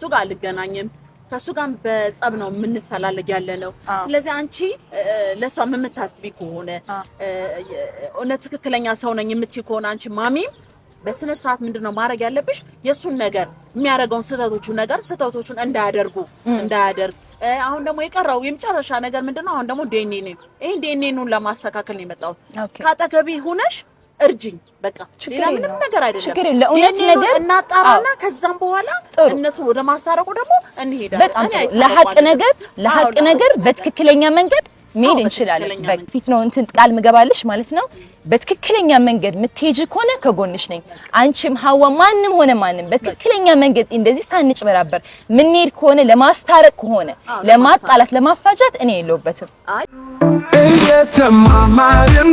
ሱጋ ጋር አልገናኝም ከእሱ ጋር በጸብ ነው የምንፈላለግ ያለ ነው። ስለዚህ አንቺ ለእሷ የምታስቢ ከሆነ እውነት ትክክለኛ ሰው ነኝ የምትይ ከሆነ አንቺ ማሚ በስነ ስርዓት ምንድን ነው ማድረግ ያለብሽ? የእሱን ነገር የሚያደርገውን ስህተቶቹ ነገር ስህተቶቹን እንዳያደርጉ እንዳያደርግ አሁን ደግሞ የቀረው የመጨረሻ ነገር ምንድን ነው? አሁን ደግሞ ዴኔ ይህን ዴኔኑን ለማስተካከል ነው የመጣሁት። ከአጠገቢ ሁነሽ እርጅኝ በቃ ሌላ ምንም ነገር አይደለም። ለእውነት ነገር እናጣራና ከዛም በኋላ እነሱ ወደ ማስታረቁ ደግሞ እንሄዳለን። ለሀቅ ነገር ለሀቅ ነገር በትክክለኛ መንገድ መሄድ እንችላለን። በፊት ነው እንትን ቃል ምገባለሽ ማለት ነው። በትክክለኛ መንገድ ምትሄጂ ከሆነ ከጎንሽ ነኝ። አንቺም ሀዋ፣ ማንም ሆነ ማንም በትክክለኛ መንገድ እንደዚህ ሳንጭ ሳንጭበራበር ምንሄድ ከሆነ ለማስታረቅ ከሆነ ለማጣላት፣ ለማፋጃት እኔ የለሁበትም። እየተማማርን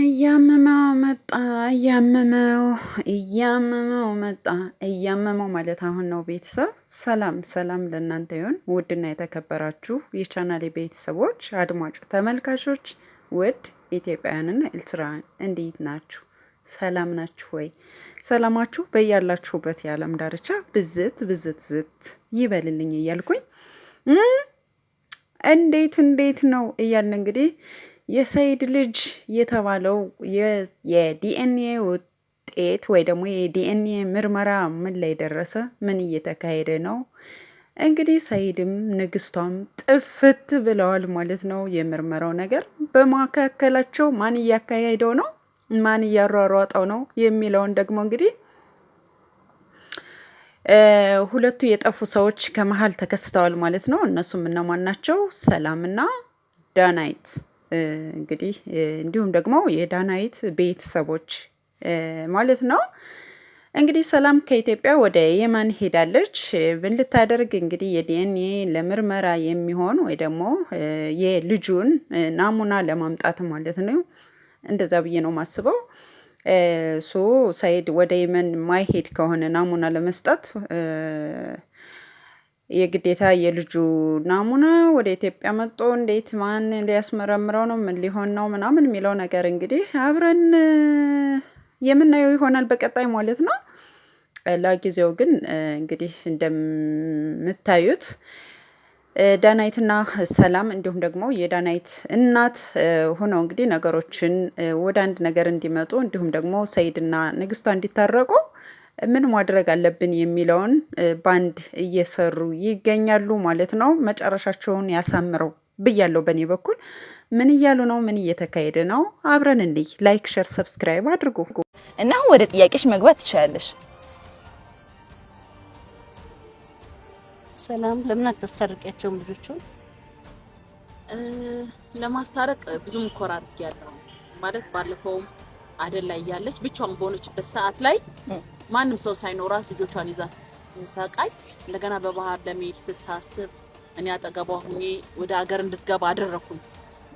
እያመመው መጣ እያመመው እያመመው መጣ እያመመው ማለት አሁን ነው። ቤተሰብ ሰላም ሰላም ለእናንተ ይሁን። ውድና የተከበራችሁ የቻናሌ ቤተሰቦች፣ አድማጭ ተመልካቾች፣ ውድ ኢትዮጵያውያንና ኤርትራውያን እንዴት ናችሁ? ሰላም ናችሁ ወይ? ሰላማችሁ በያላችሁበት የዓለም ዳርቻ ብዝት ብዝት ዝት ይበልልኝ እያልኩኝ እንዴት እንዴት ነው እያልን እንግዲህ የሰይድ ልጅ የተባለው የዲኤንኤ ውጤት ወይ ደግሞ የዲኤንኤ ምርመራ ምን ላይ ደረሰ? ምን እየተካሄደ ነው? እንግዲህ ሰይድም ንግስቷም ጥፍት ብለዋል ማለት ነው። የምርመራው ነገር በመካከላቸው ማን እያካሄደው ነው፣ ማን እያሯሯጠው ነው የሚለውን ደግሞ እንግዲህ ሁለቱ የጠፉ ሰዎች ከመሀል ተከስተዋል ማለት ነው። እነሱም እነማን ናቸው? ሰላምና ዳናይት እንግዲህ እንዲሁም ደግሞ የዳናይት ቤተሰቦች ማለት ነው። እንግዲህ ሰላም ከኢትዮጵያ ወደ የመን ሄዳለች። ምን ልታደርግ እንግዲህ የዲኤንኤ ለምርመራ የሚሆን ወይ ደግሞ የልጁን ናሙና ለማምጣት ማለት ነው። እንደዛ ብዬ ነው ማስበው። ሶ ሰይድ ወደ የመን ማይሄድ ከሆነ ናሙና ለመስጠት የግዴታ የልጁ ናሙና ወደ ኢትዮጵያ መጦ እንዴት ማን ሊያስመረምረው ነው? ምን ሊሆን ነው? ምናምን የሚለው ነገር እንግዲህ አብረን የምናየው ይሆናል በቀጣይ ማለት ነው። ለጊዜው ግን እንግዲህ እንደምታዩት ዳናይትና ሰላም እንዲሁም ደግሞ የዳናይት እናት ሆነው እንግዲህ ነገሮችን ወደ አንድ ነገር እንዲመጡ እንዲሁም ደግሞ ሰይድና ንግስቷ እንዲታረቁ ምን ማድረግ አለብን የሚለውን ባንድ እየሰሩ ይገኛሉ ማለት ነው። መጨረሻቸውን ያሳምረው ብያለው። በእኔ በኩል ምን እያሉ ነው? ምን እየተካሄደ ነው? አብረን እንዲህ ላይክ፣ ሸር፣ ሰብስክራይብ አድርጉ እና ወደ ጥያቄሽ መግባት ትችላለሽ። ሰላም ለምን አታስታርቂያቸውም? ልጆቹን ለማስታረቅ ብዙ ኮራ አድርጊያለሁ። ማለት ባለፈውም አደል ላይ ያለች ብቻውን በሆነችበት ሰዓት ላይ ማንም ሰው ሳይኖራት ልጆቿን ይዛት ሳቃይ እንደገና በባህር ለመሄድ ስታስብ እኔ አጠገቧ ሁኜ ወደ ሀገር እንድትገባ አደረኩኝ።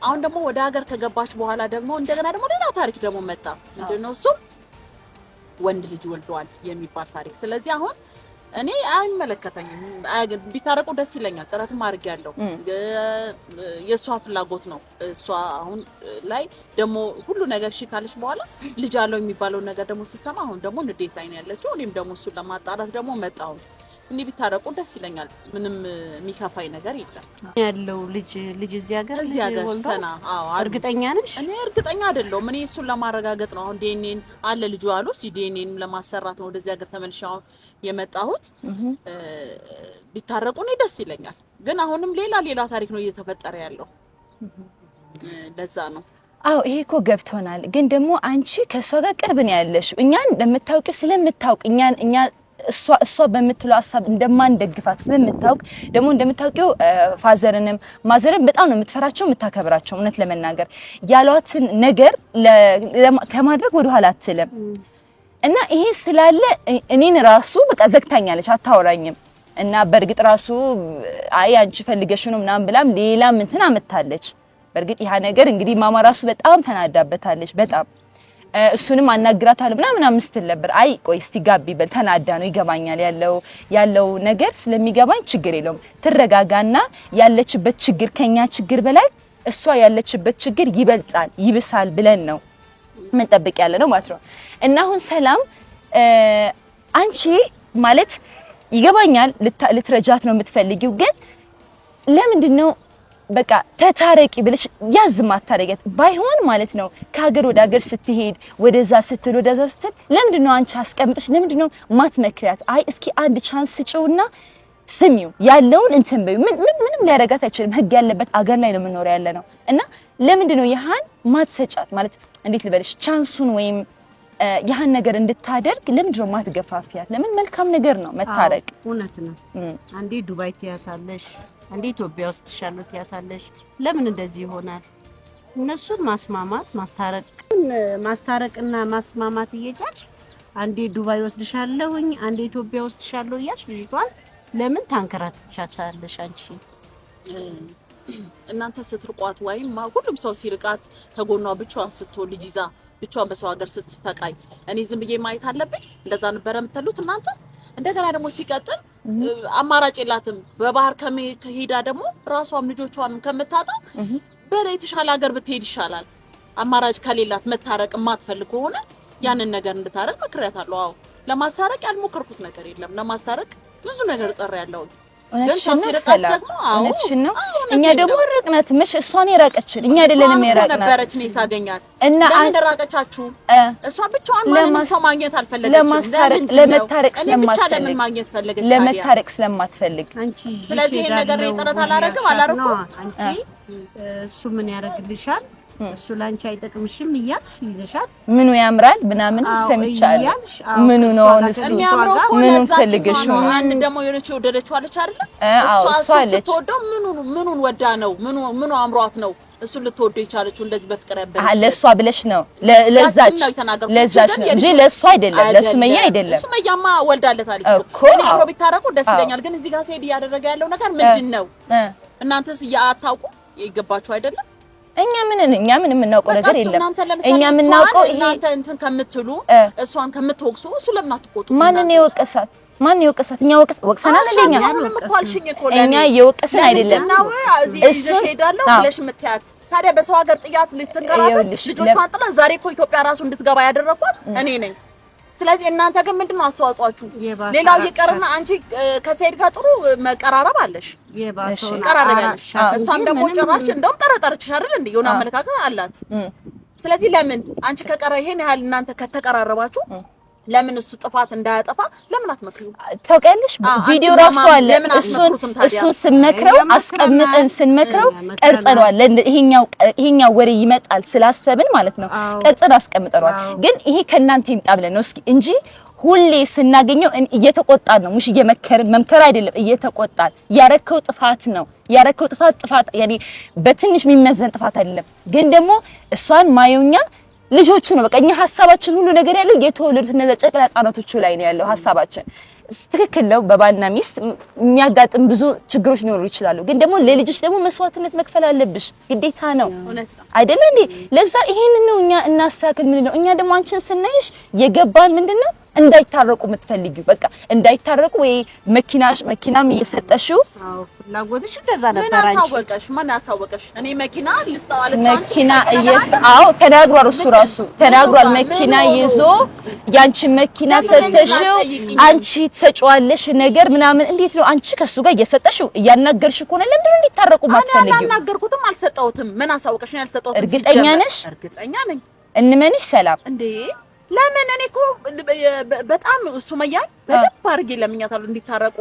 አሁን ደግሞ ወደ ሀገር ከገባች በኋላ ደግሞ እንደገና ደግሞ ሌላ ታሪክ ደግሞ መጣ። ምንድነው እሱም ወንድ ልጅ ወልደዋል የሚባል ታሪክ። ስለዚህ አሁን እኔ አይመለከተኝም። ቢታረቁ ደስ ይለኛል። ጥረትም ያለው የእሷ ፍላጎት ነው። እሷ አሁን ላይ ደግሞ ሁሉ ነገር እሺ ካለች በኋላ ልጅ አለው የሚባለውን ነገር ደግሞ ሲሰማ አሁን ደግሞ ንዴት ላይ ነው ያለችው። እኔም ደግሞ እሱን ለማጣራት ደግሞ መጣሁን እንዲህ ቢታረቁ ደስ ይለኛል። ምንም የሚከፋኝ ነገር የለም። ያለው ልጅ ልጅ እዚህ ሀገር እዚህ ሀገር ሰና። አዎ እርግጠኛ ነሽ? እኔ እርግጠኛ አይደለሁም። እኔ እሱን ለማረጋገጥ ነው። አሁን ዲኤንኤን አለ ልጁ አሉ ሲ ዲኤንኤን ለማሰራት ነው ወደዚህ ሀገር ተመልሼ አሁን የመጣሁት። ቢታረቁ እኔ ደስ ይለኛል። ግን አሁንም ሌላ ሌላ ታሪክ ነው እየተፈጠረ ያለው። ለዛ ነው አዎ ይሄ እኮ ገብቶናል። ግን ደግሞ አንቺ ከእሷ ጋር ቅርብ ነው ያለሽ እኛን ለምታውቂው ስለምታውቅ እኛ እሷ በምትለው ሀሳብ እንደማንደግፋት ስለምታውቅ ደግሞ እንደምታውቂው ፋዘርንም ማዘርን በጣም ነው የምትፈራቸው የምታከብራቸው። እውነት ለመናገር ያሏትን ነገር ከማድረግ ወደኋላ አትልም እና ይሄ ስላለ እኔን ራሱ በቃ ዘግታኛለች፣ አታወራኝም እና በእርግጥ ራሱ አይ አንቺ ፈልገሽ ነው ምናምን ብላም ሌላም እንትን አመታለች። በእርግጥ ያ ነገር እንግዲህ ማማ ራሱ በጣም ተናዳበታለች በጣም እሱንም አናግራታለሁ ምናምን ምናምን ስትል ነበር። አይ ቆይ እስቲ ጋቢ በል ተናዳ ነው ይገባኛል፣ ያለው ያለው ነገር ስለሚገባኝ ችግር የለውም ትረጋጋና ያለችበት ችግር ከኛ ችግር በላይ እሷ ያለችበት ችግር ይበልጣል ይብሳል ብለን ነው ምንጠብቅ ያለ ነው ማለት ነው። እና አሁን ሰላም አንቺ ማለት ይገባኛል ልትረጃት ነው የምትፈልጊው ግን ለምንድን ነው በቃ ተታረቂ ብለሽ ያዝ ማታረቂያት ባይሆን ማለት ነው። ከሀገር ወደ ሀገር ስትሄድ ወደዛ ስትል ወደዛ ስትል ለምንድን ነው አንቺ አስቀምጠሽ ለምንድን ነው ማትመክሪያት? አይ እስኪ አንድ ቻንስ ስጭውና ስሚው ያለውን እንትን በይው። ምንም ሊያረጋት አይችልም። ህግ ያለበት አገር ላይ ነው የምንኖረው ያለ ነው እና ለምንድን ነው ይህን ማትሰጫት ማለት እንዴት ልበልሽ ቻንሱን ወይም ያህን ነገር እንድታደርግ ለምንድን ነው የማትገፋፊያት? ለምን መልካም ነገር ነው መታረቅ። እውነት ነው። አንዴ ዱባይ ትያታለሽ፣ አንዴ ኢትዮጵያ ውስጥ ትሻሉ ትያታለሽ። ለምን እንደዚህ ይሆናል? እነሱን ማስማማት ማስታረቅ ማስታረቅና ማስማማት እየጫች አንዴ ዱባይ ወስድሻለሁኝ፣ አንዴ ኢትዮጵያ ወስድሻለሁ እያልሽ ልጅቷን ለምን ታንከራትቻቻለሽ? አንቺ እናንተ ስትርቋት ወይም ሁሉም ሰው ሲርቃት ከጎኗ ብቻዋን ስትሆን ልጅ ይዛ ብቻዋን በሰው ሀገር ስትሰቃይ እኔ ዝም ብዬ ማየት አለብኝ? እንደዛ ነበረ የምትሉት እናንተ። እንደገና ደግሞ ሲቀጥል አማራጭ የላትም በባህር ከሄዳ ደግሞ ራሷም ልጆቿንም ከምታጣ በላይ የተሻለ ሀገር ብትሄድ ይሻላል። አማራጭ ከሌላት መታረቅ የማትፈልግ ከሆነ ያንን ነገር እንድታረቅ መክሬያታለሁ። አዎ ለማስታረቅ ያልሞከርኩት ነገር የለም። ለማስታረቅ ብዙ ነገር ጠራ ያለውን እውነትሽን ነው። እኛ ደግሞ ርቅነት ምሽ እሷን የራቀችን እኛ አይደለንም የራቅናት ሳገኛት እና ለምን ራቀቻችሁ? እሷ ብቻዋን ማንም ሰው ማግኘት አልፈለገችም። ለመታረቅ ስለማትፈልግ ለመታረቅ ስለማትፈልግ ስለዚህ ነገር ጥረት አላረግም አላረኩም። አንቺ እሱ ምን ያደርግልሻል እሱ ላንቺ አይጠቅምሽም እያልሽ ይዘሻት ምኑ ያምራል ምናምን ሰምቻለሁ። ምኑ ነው እሱ ምኑ ፈልግሽ ነው? አንድ ደግሞ የሆነች የወደደችው አለች አይደል? አዎ እሷ አለች። ትወደው ምኑ ምኑን ወዳ ነው? ምኑ ምኑ አምሯት ነው እሱ ልትወደው የቻለችው? እንደዚህ በፍቅር ያበለ አለ። ለእሷ ብለሽ ነው ለዛች ለዛች ነው እንጂ ለእሱ አይደለም፣ ለእሱ መያ አይደለም። እሱ መያማ ወልዳለታለች እኮ። እኔ አብሮ ቢታረቁ ደስ ይለኛል፣ ግን እዚህ ጋር ሲሄድ እያደረገ ያለው ነገር ምንድን ነው? እናንተስ አታውቁ? ይገባችሁ አይደለም እኛ ምን እኛ ምን የምናውቀው ነገር የለም። እኛ የምናውቀው ይሄ እናንተ እንትን ከምትሉ እሷን ከምትወቅሱ እሱ ለምን አትቆጡ? ማንን የወቀሳት ማን የወቀሳት? እኛ ወቀስ ወቅሰናል። እንደኛ እኛ የወቀስን አይደለም። ታዲያ በሰው ሀገር ጥያት ልጆቿን ዛሬ እኮ ኢትዮጵያ ራሱ እንድትገባ ያደረኳት እኔ ነኝ። ስለዚህ እናንተ ግን ምንድን ነው አስተዋጽኦአችሁ? ሌላው ይቀርና አንቺ ከሰይድ ጋር ጥሩ መቀራረብ አለሽ፣ ቀራረብ ያለሽ እሷም ደግሞ ጭራሽ እንደውም ጠረጠረችሽ አይደል እንዴ? የሆነ አመለካከት አላት። ስለዚህ ለምን አንቺ ከቀረ ይሄን ያህል እናንተ ከተቀራረባችሁ ለምን እሱ ጥፋት እንዳያጠፋ ለምን አትመክሪው? ታውቂያለሽ፣ ቪዲዮ ራሱ አለ። እሱን እሱን ስንመክረው አስቀምጠን ስንመክረው ቀርጸነዋል። ይሄኛው ይሄኛው ወሬ ይመጣል ስላሰብን ማለት ነው ቀርጸን አስቀምጠነዋል። ግን ይሄ ከእናንተ ይምጣ ብለን ነው እስኪ እንጂ ሁሌ ስናገኘው እየተቆጣ ነው። ሙሽ እየመከርን መምከር አይደለም እየተቆጣ ያረከው ጥፋት ነው ያረከው ጥፋት ጥፋት ያኔ በትንሽ የሚመዘን ጥፋት አይደለም። ግን ደግሞ እሷን ማየውኛ ልጆቹ ነው በቃ እኛ ሀሳባችን ሁሉ ነገር ያለው የተወለዱት እነዚያ ጨቅላ ህጻናቶቹ ላይ ነው ያለው ሀሳባችን። ትክክል ነው። በባልና ሚስት የሚያጋጥም ብዙ ችግሮች ሊኖሩ ይችላሉ። ግን ደግሞ ለልጆች ደግሞ መስዋዕትነት መክፈል አለብሽ፣ ግዴታ ነው አይደለ እንዴ? ለዛ ይሄን ነው እኛ እናስተካክል። ምንድን ነው እኛ ደግሞ አንቺን ስናይሽ የገባን ምንድን ነው እንዳይታረቁ የምትፈልጊው በቃ እንዳይታረቁ ወይ መኪናሽ መኪናም እየሰጠሽው ፍላጎትሽ እንደዛ ነበር። አንቺ አሳወቀሽ ማን አሳወቀሽ? እኔ መኪና ልስጠው አለ መኪና እየስ አዎ ተናግሯል። እሱ ራሱ ተናግሯል። መኪና ይዞ ያንቺ መኪና ሰጠሽው። አንቺ ትሰጪዋለሽ ነገር ምናምን እንዴት ነው አንቺ ከሱ ጋር እየሰጠሽው እያናገርሽ ከሆነ ለምንድን እንዲታረቁ ማትፈልጊው? አናገርኩትም፣ አልሰጠሁትም። ምን አሳወቀሽ? ነው አልሰጠሁትም። እርግጠኛ ነሽ? እርግጠኛ ነኝ። እንመንሽ ሰላም እንዴ ለምን እኔ እኮ በጣም ሱመያን በደንብ አድርጌ ለምኛታለሁ እንዲታረቁ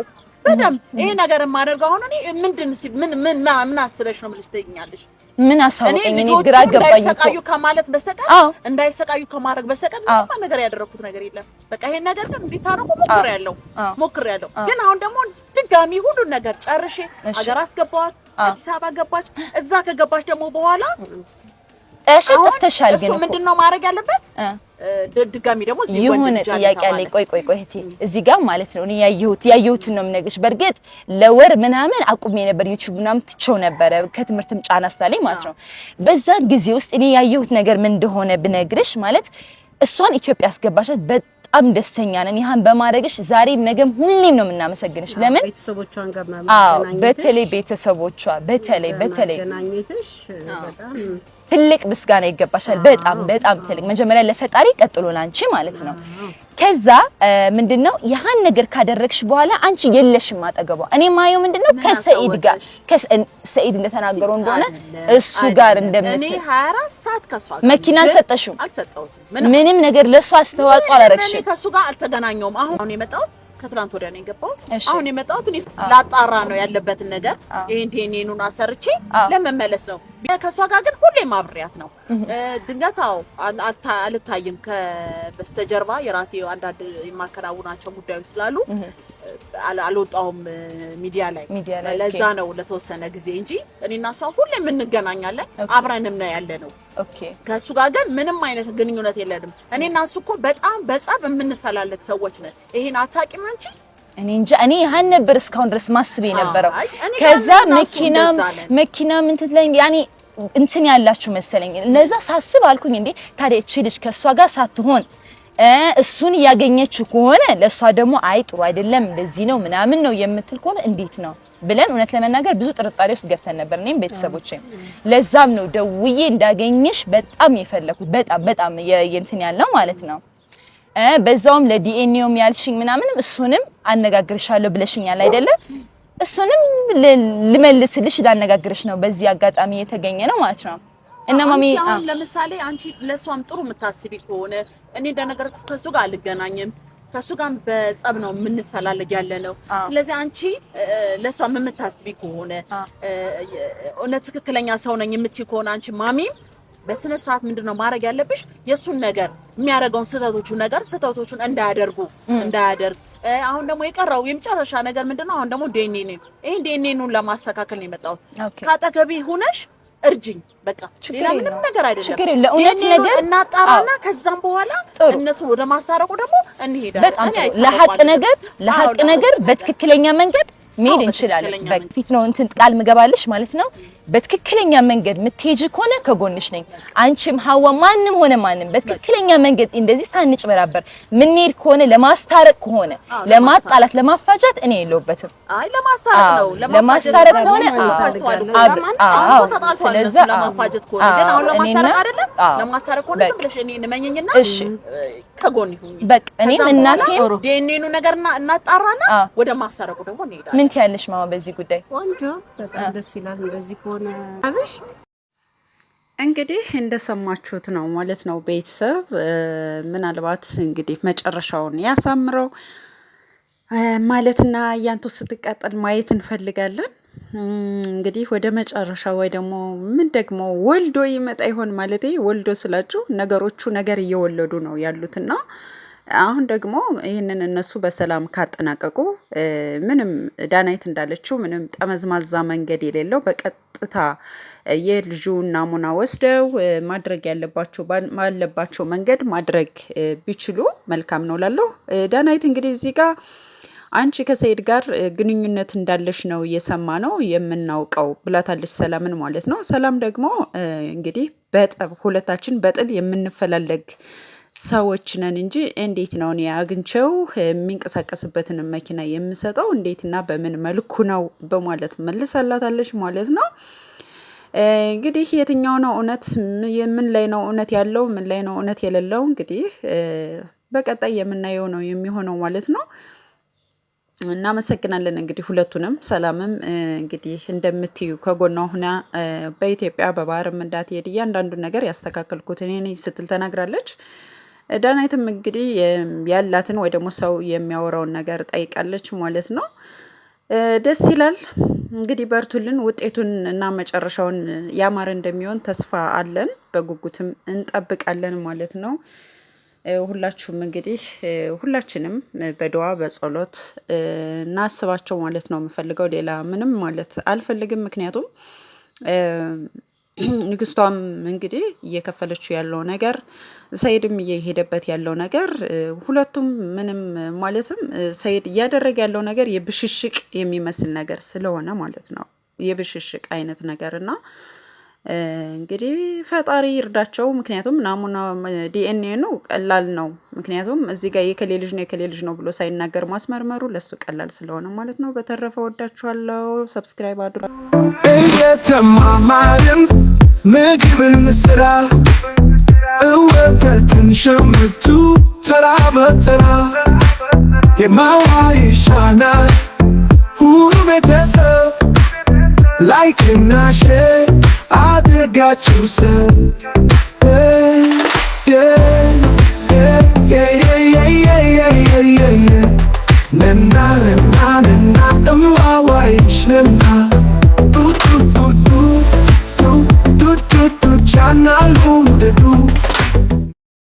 በደንብ ይሄ ነገር የማደርገው አሁን እኔ ምንድን ምን ምን ምን አስበሽ ነው የምልሽ ትይኛለሽ ምን አሳወቀኝ እኔ ግራ ገባኝ እንዳይሰቃዩ ከማለት በስተቀር እንዳይሰቃዩ ከማድረግ በስተቀር ምንም ነገር ያደረኩት ነገር የለም በቃ ይሄን ነገር ግን እንዲታረቁ ሞክሬያለሁ ሞክሬያለሁ ግን አሁን ደግሞ ድጋሚ ሁሉን ነገር ጨርሼ አገር አስገባዋት አዲስ አበባ ገባች እዛ ከገባች ደግሞ በኋላ እሺ ተፍተሻል። ግን ምንድን ነው ማድረግ ያለበት? ድጋሚ ደግሞ ይሁን ጥያቄ አለኝ። ቆይ ቆይ ቆይ እህቴ እዚህ ጋር ማለት ነው እኔ ያየሁት ያየሁትን ነው የምነግርሽ። በእርግጥ ለወር ምናምን አቁሜ ነበር ዩቲዩብ ምናምን ትቼው ነበረ ከትምህርትም ጫና ስላለኝ ማለት ነው። በዛ ጊዜ ውስጥ እኔ ያየሁት ነገር ምን እንደሆነ ብነግርሽ ማለት እሷን ኢትዮጵያ አስገባሻት። በጣም ደስተኛ ነን ይህን በማድረግሽ። ዛሬ ነገም ሁሌም ነው የምናመሰግንሽ። ለምን ቤተሰቦቿን ጋር በተለይ ቤተሰቦቿ በተለይ በተለይ ትልቅ ምስጋና ይገባሻል። በጣም በጣም ትልቅ መጀመሪያ ለፈጣሪ ቀጥሎ ላንቺ ማለት ነው። ከዛ ምንድነው ያህን ነገር ካደረግሽ በኋላ አንቺ የለሽም አጠገቧ። እኔ ማየው ምንድነው ከሰኢድ ጋር ከሰኢድ እንደተናገረው እንደሆነ እሱ ጋር እንደምት መኪናን ሰጠሽው፣ ምንም ነገር ለእሱ አስተዋጽኦ አላረግሽም። ከእሱ ጋር አልተገናኘውም። አሁን የመጣሁት ከትላንት ወዲያ ነው የገባሁት። አሁን የመጣሁት እኔ ላጣራ ነው ያለበትን ነገር ይሄን ዲኤንኤኑን አሰርቼ ለመመለስ ነው። ከእሷ ጋር ግን ሁሌም አብሬያት ነው። ድንገታው አልታይም። ከበስተጀርባ የራሴ አንዳንድ የማከናውናቸው ጉዳዮች ስላሉ አልወጣሁም ሚዲያ ላይ። ለዛ ነው ለተወሰነ ጊዜ እንጂ እኔና እሷ ሁሌም እንገናኛለን፣ አብረንም ነው ያለ ነው። ከእሱ ጋር ግን ምንም አይነት ግንኙነት የለንም። እኔና እሱ እኮ በጣም በጸብ የምንፈላለግ ሰዎች ነን። ይሄን አታውቂም አንቺ? እኔ እንጃ እኔ ያን ነበር እስካሁን ድረስ ማስብ የነበረው። ከዛ መኪና መኪና ምንትት ላይ ያኔ እንትን ያላችሁ መሰለኝ። ለዛ ሳስብ አልኩኝ እንዴ ታዲያ እቺ ልጅ ከእሷ ጋር ሳትሆን እሱን እያገኘችው ከሆነ ለእሷ ደግሞ አይ ጥሩ አይደለም እንደዚህ ነው ምናምን ነው የምትል ከሆነ እንዴት ነው ብለን እውነት ለመናገር ብዙ ጥርጣሬ ውስጥ ገብተን ነበር፣ እኔም ቤተሰቦቼም። ለዛም ነው ደውዬ እንዳገኘሽ በጣም የፈለኩት በጣም በጣም የእንትን ያለው ማለት ነው። በዛውም ለዲኤንኤውም ያልሽኝ ምናምንም እሱንም አነጋግርሻለሁ ብለሽኛል አይደለም? እሱንም ልመልስልሽ ላነጋግርሽ ነው በዚህ አጋጣሚ የተገኘ ነው ማለት ነው። እና ማሚ አሁን ለምሳሌ አንቺ ለሷም ጥሩ የምታስቢ ከሆነ እኔ እንደነገርኩሽ ከሱ ጋር አልገናኝም ከሱ ጋር በጸብ ነው የምንፈላለግ ያለ ነው። ስለዚህ አንቺ ለሷ የምታስቢ ከሆነ እውነት ትክክለኛ ሰው ነኝ የምትይ ከሆነ አንቺ ማሚም በስነ ስርዓት ምንድን ነው ማድረግ ያለብሽ? የእሱን ነገር የሚያደርገውን ስህተቶቹ ነገር ስህተቶቹን እንዳያደርጉ እንዳያደርግ አሁን ደግሞ የቀረው የመጨረሻ ነገር ምንድን ነው? አሁን ደግሞ ዴኔኔ ይህን ዴኔኑን ለማስተካከል ነው የመጣሁት። ከአጠገቢ ሁነሽ እርጅኝ በቃ ሌላ ምንም ነገር አይደለም። ችግር የለም። እውነት ነገር እናጣራና ከዛም በኋላ እነሱ ወደ ማስታረቁ ደግሞ እንሄዳለን። ለሀቅ ነገር ለሀቅ ነገር በትክክለኛ መንገድ መሄድ እንችላለን። በፊት ነው እንትን ቃል ምገባልሽ ማለት ነው በትክክለኛ መንገድ ምትሄጂ ከሆነ ከጎንሽ ነኝ። አንቺም ሀዋ፣ ማንም ሆነ ማንም በትክክለኛ መንገድ እንደዚህ ሳንጭበራበር ምንሄድ ከሆነ ለማስታረቅ ከሆነ ለማጣላት፣ ለማፋጃት እኔ የለውበትም። አይ ለማስታረቅ ነው፣ ለማስታረቅ ከሆነ እኔም እናቴም ዲኤንኤኑ ነገርና እናጣራና ወደ ማስታረቁ ደግሞ እንሄዳለን። ምን ትያለሽ ማማ በዚህ ጉዳይ? ቆንጆ በጣም ደስ ይላል እንደዚህ ሆነ አብሽ እንግዲህ እንደሰማችሁት ነው ማለት ነው። ቤተሰብ ምናልባት እንግዲህ መጨረሻውን ያሳምረው ማለትና እያንቱ ስትቃጠል ማየት እንፈልጋለን። እንግዲህ ወደ መጨረሻ ወይ ደግሞ ምን ደግሞ ወልዶ ይመጣ ይሆን ማለት ወልዶ ስላችሁ ነገሮቹ ነገር እየወለዱ ነው ያሉትና አሁን ደግሞ ይህንን እነሱ በሰላም ካጠናቀቁ ምንም ዳናይት እንዳለችው ምንም ጠመዝማዛ መንገድ የሌለው በቀጥታ የልጁን ናሙና ወስደው ማድረግ ያለባቸው ባለባቸው መንገድ ማድረግ ቢችሉ መልካም ነው ላለሁ። ዳናይት እንግዲህ እዚህ ጋር አንቺ ከሰይድ ጋር ግንኙነት እንዳለሽ ነው እየሰማ ነው የምናውቀው ብላታለች፣ ሰላምን ማለት ነው። ሰላም ደግሞ እንግዲህ በጠብ ሁለታችን በጥል የምንፈላለግ ሰዎች ነን እንጂ እንዴት ነው እኔ አግኝቼው የሚንቀሳቀስበትን መኪና የምሰጠው እንዴትና በምን መልኩ ነው በማለት መልሳላታለች ማለት ነው። እንግዲህ የትኛው ነው እውነት፣ ምን ላይ ነው እውነት ያለው፣ ምን ላይ ነው እውነት የሌለው እንግዲህ በቀጣይ የምናየው ነው የሚሆነው ማለት ነው። እናመሰግናለን እንግዲህ ሁለቱንም። ሰላምም እንግዲህ እንደምትዩ ከጎኗ ሁና በኢትዮጵያ በባህርም እንዳትሄድ እያንዳንዱ ነገር ያስተካከልኩት እኔ ስትል ተናግራለች። ዳናይትም እንግዲህ ያላትን ወይ ደግሞ ሰው የሚያወራውን ነገር ጠይቃለች ማለት ነው። ደስ ይላል እንግዲህ በርቱልን። ውጤቱን እና መጨረሻውን ያማረ እንደሚሆን ተስፋ አለን፣ በጉጉትም እንጠብቃለን ማለት ነው። ሁላችሁም እንግዲህ ሁላችንም በድዋ በጸሎት እናስባቸው ማለት ነው። የምፈልገው ሌላ ምንም ማለት አልፈልግም፣ ምክንያቱም ንግስቷም እንግዲህ እየከፈለችው ያለው ነገር ሰይድም እየሄደበት ያለው ነገር ሁለቱም ምንም ማለትም ሰይድ እያደረገ ያለው ነገር የብሽሽቅ የሚመስል ነገር ስለሆነ ማለት ነው የብሽሽቅ አይነት ነገር እና እንግዲህ ፈጣሪ ይርዳቸው። ምክንያቱም ናሙና ዲኤንኤ ነው ቀላል ነው። ምክንያቱም እዚህ ጋር የከሌ ልጅ ነው የከሌ ልጅ ነው ብሎ ሳይናገር ማስመርመሩ ለሱ ቀላል ስለሆነ ማለት ነው። በተረፈ ወዳችኋለሁ። ሰብስክራይብ አድርጉ። እየተማማርን ምግብን ስራ እወተትን ሸምቱ ተራ በተራ የማዋይሻናል ይሻናል ሁሉ ቤተሰብ ላይክ እና ሼር አድርጋችሁ ሰብ